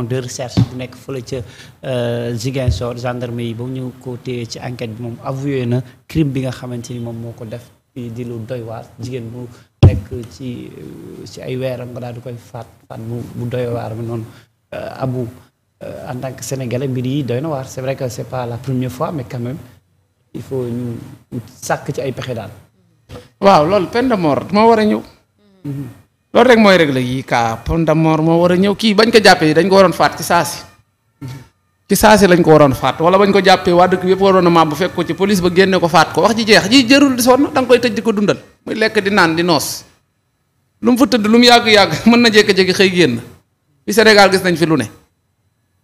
de recherche bu nekk fële ca euh, Ziguinchor gendarme yi ba mu ñu ko téye ci enquête bi moom avoué na crime bi nga xamante ni moom moo ko def di lu doy waar jigéen bu nekk ci euh, ci ay weeram nga daal di koy faat faat bu bu doy waar bi noonu euh, abu en tant que sénégalais mbir yi doy na waar c'est vrai que c'est pas la première fois mais quand il faut ñu sàkk ci ay pexe daal waaw loolu peine de mort moo war ñëw mm-hmm. loolu rek mooy règle yi kaa peine de mort moo war a ñëw kii bañ ko jàppee dañ ko waroon faat ci saasi ci saasi lañ ko waroon faat wala bañ ko jàppee waa dëkk yëpp waroon a màbb fekk ko ci police ba génne ko faat ko wax ji jeex ji jërul di sonn da koy tëj di ko dundal muy lekk di naan di noos lu mu fa tëdd lu mu yàgg-yàgg mën na jékki-jékki xëy génn fi Sénégal gis nañ fi lu ne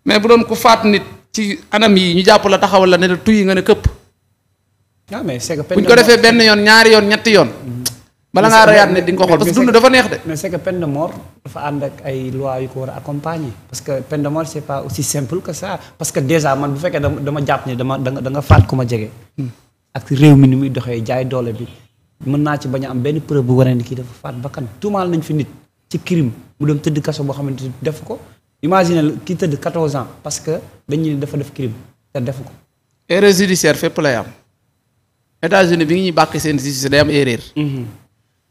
mais bu doon ko faat nit ci anam yi ñu jàpp la taxawal la ne la tuy nga ne këpp ah, buñ ko defee benn yoon ñaari yoon ñetti yoon mm-hmm. bala ngaa reyaat ne di nga ko xool parce que dund dafa neex de. mais c'est que peine de mort dafa ànd ak ay loi yu ko war a accompagner parce que peine de mort c'est pas aussi simple que ça parce que déjà man bu fekkee dama jàpp ne dama da faat ku ma jege. ak réew mi ni muy doxee jaay doole bi mën naa ci bañ am benn preuve bu wane ni kii dafa faat bakkan tuumaal nañ fi nit ci crime mu dem tëdd kaso boo xamante ni def ko imagine kii tëdd 14 parce que dañu ne dafa def crime te def ko. erreur judiciaire fépp lay am États-Unis bi ngi ñuy bàq seen justice day am erreur. Mhm.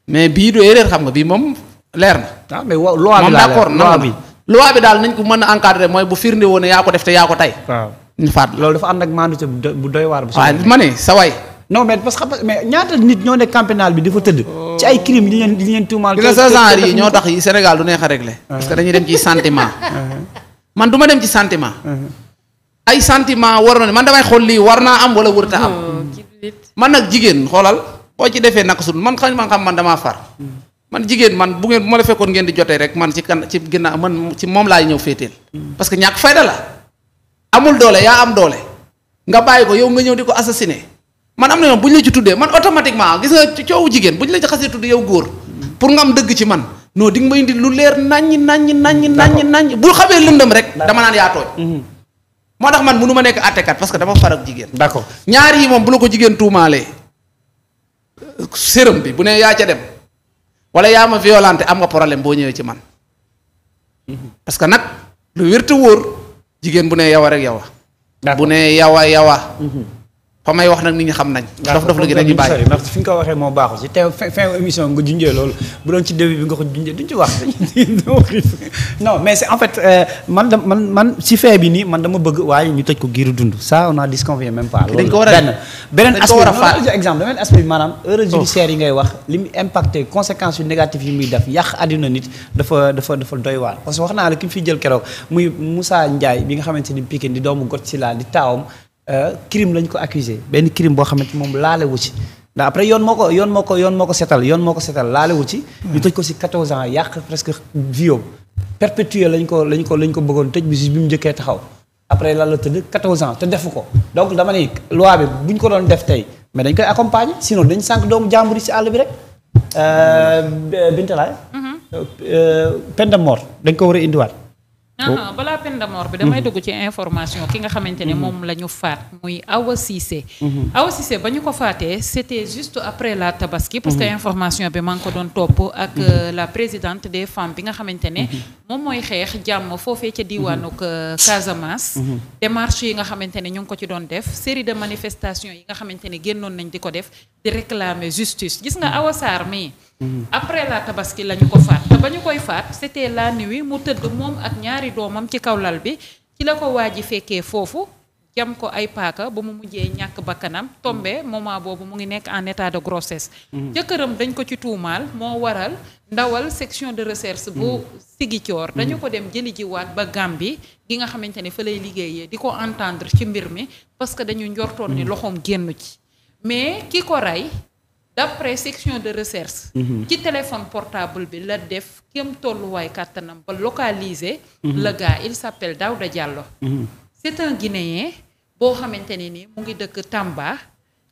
mais bii du erreur xam nga bii moom leer na. ah mais wa loi bi laa leer moom d'accord loi bi daal nañ ko mën a encadrer mooy bu firnde woon ne yaa ko def te yaa ko tey. waaw ñu faat loolu dafa ànd ak bu sa ma sa waay. parce que mais ñaata nit ñoo nekk camp pénal bi di tëdd. ci ay crime li leen li leen tuumaal. gis sa ñoo tax Sénégal du neex a régler. parce que dañuy dem ci sentiment. man du ma dem ci sentiment. ay sentiment war na man damay xool lii war naa am wala wërta am. Oh, man ak jigéen xoolal. boo ci defee naka suñu man xam man xam man damaa far. man jigéen man bu ngeen bu ma la fekkoon ngeen di jotee rek man ci kan ci ginnaaw man ci moom laay ñëw féeteel. parce que ñàkk fayda la. amul doole yaa am doole. nga bàyyi ko yow nga ñëw di ko assassiné. man am na yoon bu ñu la ci tuddee man automatiquement gis nga coowu jigéen bu ñu la ci xasee tuddee yow góor. pour nga am dëgg ci man. noo di ma indi lu leer nañ naññ nañ naññ naññ bu xamee lëndëm rek. dama naan yaa tooñ. Mhm. moo tax man nekk àttekat parce que dama far ak jigéen. d'accord ñaar yi moom bu la ko jigéen tuumaalee séram bi bu ne yaa ca dem wala yaa ma violenté am nga problème boo ñëwee ci man parce que nag lu wér wóor jigéen bu ne yawa rek yawa bu ne yawa yawa mhm. fa may wax nag nit ñi xam nañ. dof dof lu gi rek ñu bàyyi ndax fi nga ko waxee moo baaxul si teew fin fin émission nga junjee loolu bu doon ci début bi nga ko junjee duñ ci wax non mais c'est en fait euh, man da man man si fee bi nii man dama bëgg waaye ñu tëj ko giiru dund ça on a disconvient même pas. loolu benn beneen aspect par exemple beneen aspect bi maanaam erreur oh. judiciaire yi ngay wax li mu impacté conséquences yu négatives yi muy def yàq àddina nit dafa dafa dafa doy waar parce que wax naa la ki mu fi jël keroog muy Moussa Ndiaye bi nga xamante ni Pikine di doomu Godzilla di taawam Euh, crime lañ ko accusé benn crime boo xamante moom laalewu ci ndax après yoon moo ko yoon moo ko yoon moo ko setal yoon moo ko setal laalewu ci ñu tëj ko si 14 ans yàq presque viom perpétuer lañ ko lañ ko lañ ko bëggoon tëj bi si bi mu njëkkee taxaw après lan la tëdd 14 ans te defu ko donc dama ni loi bi bu ko doon def tey mais dañ koy accompagner sinon dañ sànq doomu jàmbur si àll bi rek euh, Bintalaay mm-hmm. euh, peine de mort dañ ko war a indiwaat Oh. balaa peine de mort bi damay mhm. dugg ci information ki nga xamante ne mhm. moom la ñu faat muy Awa Cissé mhm. Awa Cissé ba ñu ko faatee c'était juste après la tabaski parce information bi maa ngi ko doon topp ak euh, la présidente des femmes bi nga xamante ne moom mooy xeex jàmm foofee ca diwaanu mhm. euh, Casamance. Mhm. démarche yi nga xamante ne ñu ngi ko ci doon def série de manifestation yi nga xamante ne génnoon nañ di ko def di réclamer justice gis nga mhm. Awa Sarr mii. après la tabaski la ñu ko faat te ba ñu koy faat c'était la nuit mu tëdd moom ak ñaari doomam ci kaw lal bi ci la ko waa ji fekkee foofu. jam ko ay paaka ba mu mujjee ñàkk bakkanam tombé moment boobu mu ngi nekk en état de grossesse jëkkëram dañ ko ci tuumaal moo waral ndawal section de recherche bu Sigicoor mm. dañu mm. ko dem jëli jiwaat ba Gàmbi gi nga xamante ne fa lay liggéeyee di ko entendre ci mbir mi parce que dañu njortoon ni mm. loxoom génn ci mais ki ko ray d'après section de recherche mm-hmm. ci téléphone portable bi la def kem tolluwaay kàttanam ba localiser mm-hmm. le gars il s'appelle Daouda Diallo mm-hmm. c'est un Guinéen boo xamante ne ni mu ngi dëkk Tamba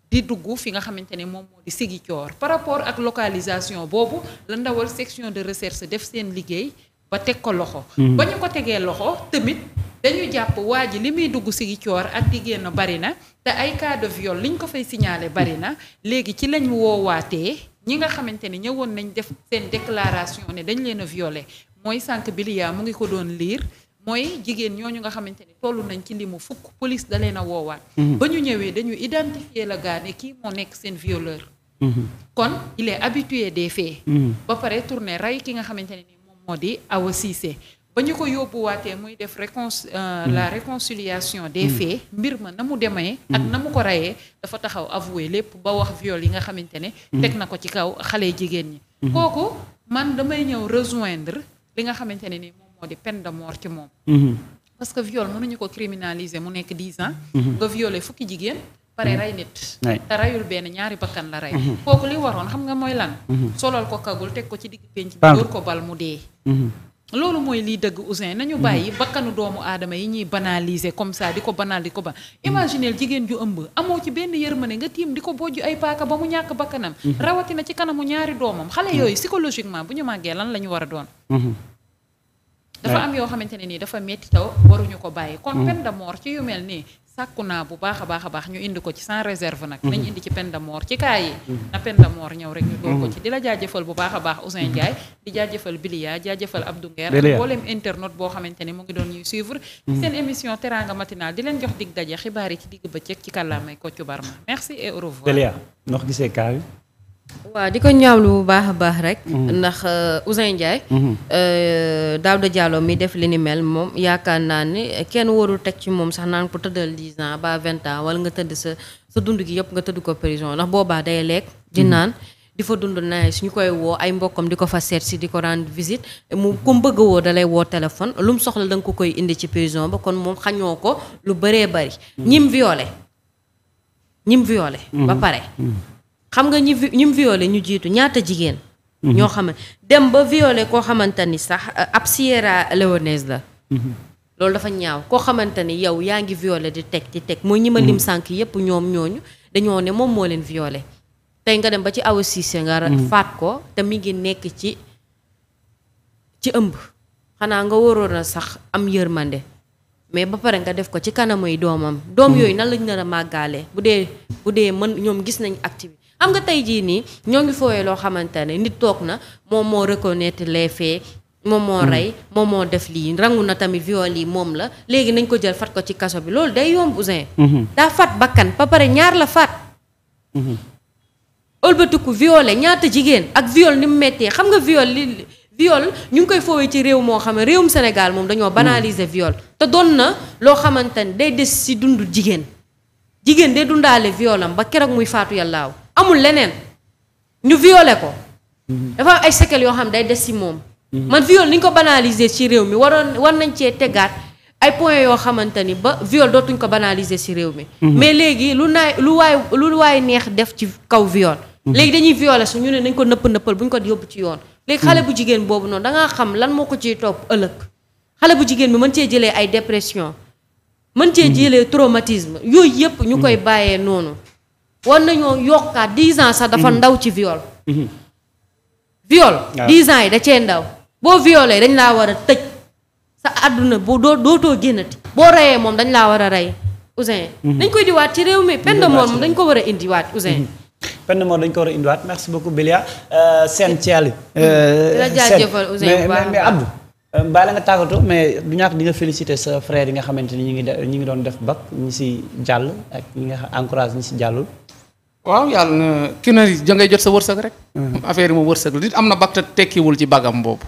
di dugg fi nga xamante ne moom moo di Ziguinchor par rapport ak localisation boobu la ndawal section de recherche def seen liggéey ba teg ko loxo. Hmm. ba ñu ko tegee loxo tamit dañu jàpp waa ji li muy dugg Ziguinchor ak di génn bari na te ay cas de viol liñ ko fay signalé bari na léegi ci lañ woowaatee ñi nga xamante ne ñëwoon nañ def seen déclaration ne dañ leen viole mooy sànq bi mu ngi ko doon liir. mooy jigéen ñooñu nga xamante ni toll nañ ci limu fukk police da leen a woowaat. Mhm. ba ñu ñëwee dañu identifier la gaa kii moo nekk seen violeur. Mhm. kon il est habitué des faits. Mhm. ba pare tourné rey ki nga xamante ne ni moom moo di Awa Cissé ba ñu ko yóbbuwaatee muy def récon euh, la réconciliation des faits mbir ma na mu demee. ak na mu ko reyee dafa taxaw avoué lépp ba wax viol yi nga xamante ne. teg na ko ci kaw xale jigéen ñi. kooku man damay ñëw rejoindre li nga xamante ko di peine de mort ci moom mhm. parce que viol mënuñu ko criminaliser mu nekk dix ans mhm. nga violé fukki jigéen pare mhm. rey nit te reyul benn ñaari bakkan la rey kooku li waroon xam nga mooy lan solal ko kagul teg ko ci digg penc bi dóor ko bal mu dee loolu mooy lii dëgg Ouzin nañu bàyyi bakkanu doomu aadama yi ñuy banaliser comme sa di ko banal di ko ba imagineel jigéen ju ëmb amoo ci benn yërmande nga tiim di ko bojj ay paaka ba mu ñàkk bakkanam rawatina ci kanamu ñaari doomam xale yooyu psychologiquement bu ñu màggee lan la ñu war a dafa am yoo xamante ne nii dafa métti taw waruñu ko bàyyi kon mm. peine de ci yu mel nii sàkku naa bu baax a baax a baax ñu indi ko ci sans réserve nag nañ mm-hmm. indi ci peine de ci kaay yi mm-hmm. na peine de mort ñëw rek ñu door ko mm-hmm. ci di la jaajëfal bu baax a baax Ousin Ndiaye di jaajëfal Bilia jaajëfal Abdou Nguer mboolem internaute boo xamante ne mu ngi doon ñuy suivre seen émission teraanga matinale di leen jox dig daje xibaar yi ci digg bëccëg ci kàllaamay Kocc Barma merci et au revoir waaw di ko ñaawlu bu baax a baax rek. Mm-hmm. ndax euh, Ousain Ndiaye. Mm-hmm. Euh, Daouda Diallo mi def li ni mel moom yaakaar naa ni kenn warul teg ci moom sax naan ko tëddal dix ans ba vingt ans wala nga tëdd sa sa dund gi yëpp nga tëdd ko prison ndax boobaa day lekk di mm-hmm. naan. di fa dund su ñu koy woo ay mbokkam di ko fa seet si di ko rendre visite mu ku mu woo dalay woo téléphone lu mu soxla danga nga koy indi ci prison ba kon moom xañoo ko lu baree bëri. ñim violé ñim violé. xam nga ñi ñi mu ñu jiitu ñaata jigéen. Mhm. ñoo xam dem ba violé koo xamante ni sax ab Sierra Leonaise la. Mhm. loolu dafa ñaaw koo xamante ni yow yaa ngi violé di teg di teg mooy ñi ma mhm. lim sànk yépp ñoom ñooñu dañoo ne moom moo leen violé tey nga dem ba ci Awa Cissé nga faat ko te mi ngi nekk ci ci ëmb xanaa nga waroon a sax am yërmande mais ba pare nga def ko ci kanamuy doomam doom yooyu nan lañ nar a màggaale bu dee bu dee mën ñoom gis nañu activité xam nga tey jii nii ñoo ngi fooyee loo xamante ne nit toog na moom moo reconnaître les faits moom moo hmm. rey moom moo def lii rangu na tamit viol yi moom la léegi nañ ko jël fat ko ci kaso bi loolu day yombu Ouzin hmm. daa fat bakkan ba pare ñaar la fat hmm. ëlbatiku violé ñaata jigéen ak viol ni mu xam nga viol li ñu ngi koy foowee ci réew moo xam ne réewum Sénégal moom dañoo banaliser viol te doon na loo xamante ne day des si dund jigéen jigéen de dundaale violam ba keroog muy faatu yàllaaw amul leneen ñu viole ko. dafa ay séquelles yoo xam day des ci moom. Mhm. man viol ni ñu ko banaliser ci réew mi waroon war nañ cee tegaat ay points yoo xamante ni ba viol dootuñ ko banaliser ci réew mi. Mhm. mais léegi lu naay lu waay lu waay neex def ci kaw viol. Mhm. léegi dañuy viole su ñu ne nañ ko nëpp nëppal bu ñu ko yóbbu ci yoon. léegi xale bu jigéen boobu noonu da xam lan moo ko ciy topp ëllëg xale bu jigéen bi mën cee jëlee ay dépression. mën cee jëlee traumatisme yooyu yëpp ñu koy bàyyee noonu. war nañoo yokkaat dix ans sax dafa mhm. ndaw ci viole viol mhm. dix ans yi da ndaw boo violé dañ laa war a tëj sa àdduna bu doo dootoo génnati boo reyee moom dañ laa war a rey Ouzin mhm. dañ koy diwaat ci réew mi peine de mort moom dañ ko war a indiwaat Ouzin peine de mort dañ ko war a indiwaat merci beaucoup Bilia euh, seen Thiali euh, la jaajëfal Ouzin mais Abdou euh, bàyyi la nga tàggatoo mais du ñàkk di nga féliciter sa frère yi nga xamante ni ñu ngi ñu ngi doon def bac ñi si jàll ak ñi nga encourage ñi si jàllul waaw yàlla na ki na jangay jot sa wërsëg rek. Hmm. affaire yi mu wërsëg nit am na bag te tekkiwul ci bagam boobu.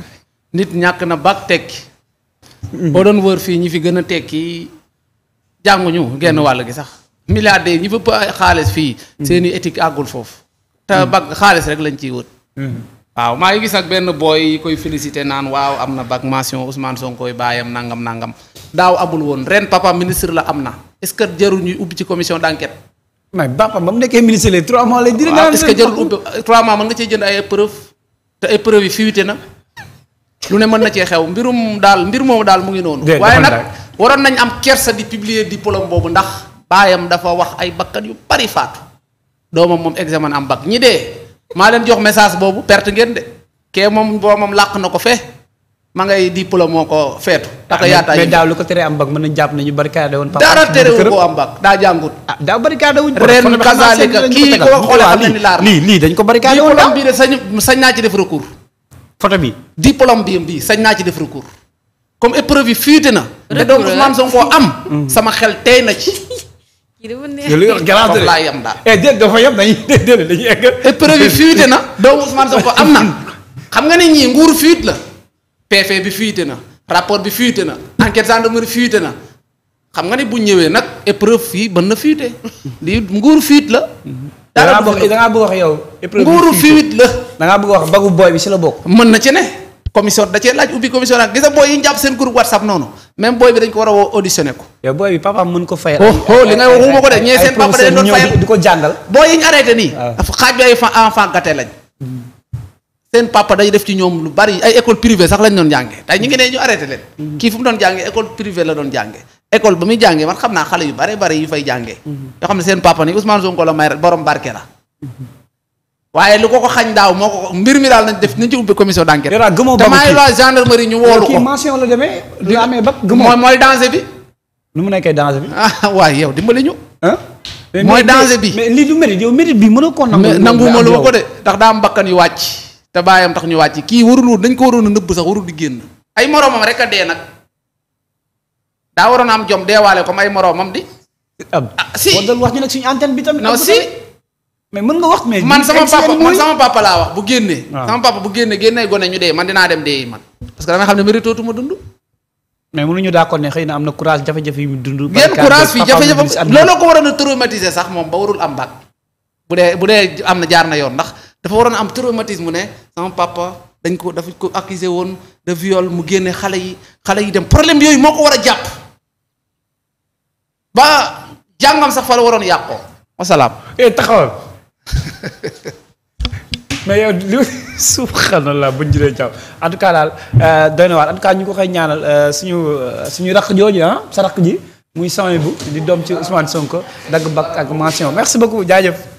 nit ñàkk na bag tekki. Hmm. boo doon wër fii ñi fi gën a tekki jànguñu genn wàll gi sax. milliardaires ñi fëpp xaalis fii. Hmm. seen i éthique àggul foofu. te bag xaalis rek lañ ciy wët. waaw maa ngi gis nag benn booy koy félicité naan waaw am na bac mention Ousmane Sonko baayam nangam nangam daaw amul woon ren papa ministre la am na est-ce que jaruñu ubbi ci commission d'enquête. mais Bamba ba mu nekkee ministre les trois mois lay. diri naa est-ce que jarul ubbi nga cee jënd ay preuve te ay preuve yi fuité na lu ne mën na cee xew mbirum daal mbir moomu daal mu ngi noonu. waaye nag waroon nañ am kersa di publier diplôme boobu ndax baayam dafa wax ay bakkan yu bari faatu doomam moom examen am bac ñi dee maa leen jox message boobu perte ngeen de kee moom boo moom làq na ko fe ma ngay diplôme moo ko feetu. tax a yaataay mais daaw lu ko teree am bac mën na jàpp ne ñu barricade woon. papa dara terewul ko am bac daa jàngut. ah daaw wuñ. ren kasaalika sañ naa ci def recours. photo bi. diplôme bi bii sañ naa ci def recours. comme épreuve yi na. te donc Ousmane am. Mm-hmm. sama xel tey na ci. li nga wax gànnaar de laa yem daal. eh déet dafa yem dañuy na. donc Ousmane am na. xam nga ne ñii nguur fiit la PV bi fiite na rapport bi fuité na enquête gendarmerie fuité na xam nga ne bu ñëwee nag épreuve fii mën na fiite lii nguur fuite la. dara da ngaa bëgg wax yow. épreuve nguuru fuite la. da ngaa bëgg wax bagu booy bi si la bokk. mën na ci ne. commission da cee laaj ubbi commission ak gis nga booy yi ñu jàpp seen groupe whatsapp noonu même booy bi dañ ko war a woo auditionné ko. yow booy bi papa mën ko fayal. oh, oh li nga waxuma ko de ñee seen papa dañ ko jàngal. booy yi ñu arrêté nii. Ah. xaaj bi ay enfant seen papa day def ci ñoom lu bari ay école privée sax lañ doon jàngee tey ñu ngi ne ñu arrêté leen. Mm-hmm. kii fu mu doon jàngee école privée la doon jàngee. école ba muy jàngee man xam naa xale yu bare bari yu fay jàngee. Mm-hmm. yoo xam ne seen papa ni Ousmane Sonko la may borom barke la. Mm-hmm. waaye lu ko ko xañ daaw moo ko mbir mi daal nañ def nañ ci ubbi commission d' enquête. yàlla gëmoo ba mu gendarmerie ñu woolu ko. kii mention la demee. du amee ba mooy mooy danger bi. nu mu nekkee danger bi. Ah, waaye yow dimbali bi mais ko nangu. nangu ma lu ndax daa bakkan yu wàcc te baayam tax ñu wàcc kii warul woon dañ ko waroon a nëbb sax warul di génn ay moroomam rek dee nag daa waroon a am jom deewaale comme ay moroomam di. ah si wadal wax ñu nag suñu antenne bi tamit. non si mais mën wax mais. man sama papa man sama papa laa wax bu génnee. Ah. sama papa bu génnee génnee gone ñu dee man dinaa dem dee man. parce que dama xam ne méritotu ma dund. mais daa d'accord ne xëy na am na courage jafe-jafe yu dund. barke courage fii jafe-jafe looloo ko waroon a traumatiser sax moom ba warul am baag. bu dee bu dee am na jaar na yoon ndax dafa waroon am traumatisme ne sama papa dañ ko dafa ko accusé woon de viol mu génne xale yi xale yi dem problème yooyu moo ko war a jàpp ba jàngam sax fa la waroon yàqoo wasalaam. eh taxawal mais yow li subhanallah buñ jëlee jàpp en tout cas daal euh, doy na waar en ñu ko koy ñaanal euh, suñu euh, suñu rakk jooju ah sa rakk ji muy sànni bu di doom ci Ousmane Sonko dagg bakk ak mention merci beaucoup jaajëf.